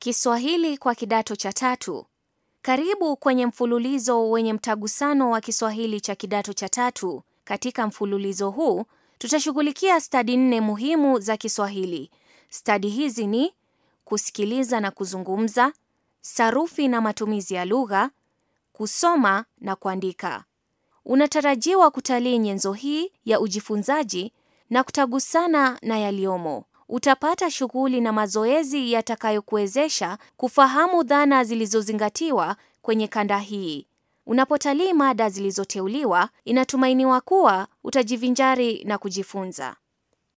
Kiswahili kwa kidato cha tatu. Karibu kwenye mfululizo wenye mtagusano wa Kiswahili cha kidato cha tatu. Katika mfululizo huu tutashughulikia stadi nne muhimu za Kiswahili. Stadi hizi ni kusikiliza na kuzungumza, sarufi na matumizi ya lugha, kusoma na kuandika. Unatarajiwa kutalii nyenzo hii ya ujifunzaji na kutagusana na yaliyomo utapata shughuli na mazoezi yatakayokuwezesha kufahamu dhana zilizozingatiwa kwenye kanda hii. Unapotalii mada zilizoteuliwa, inatumainiwa kuwa utajivinjari na kujifunza.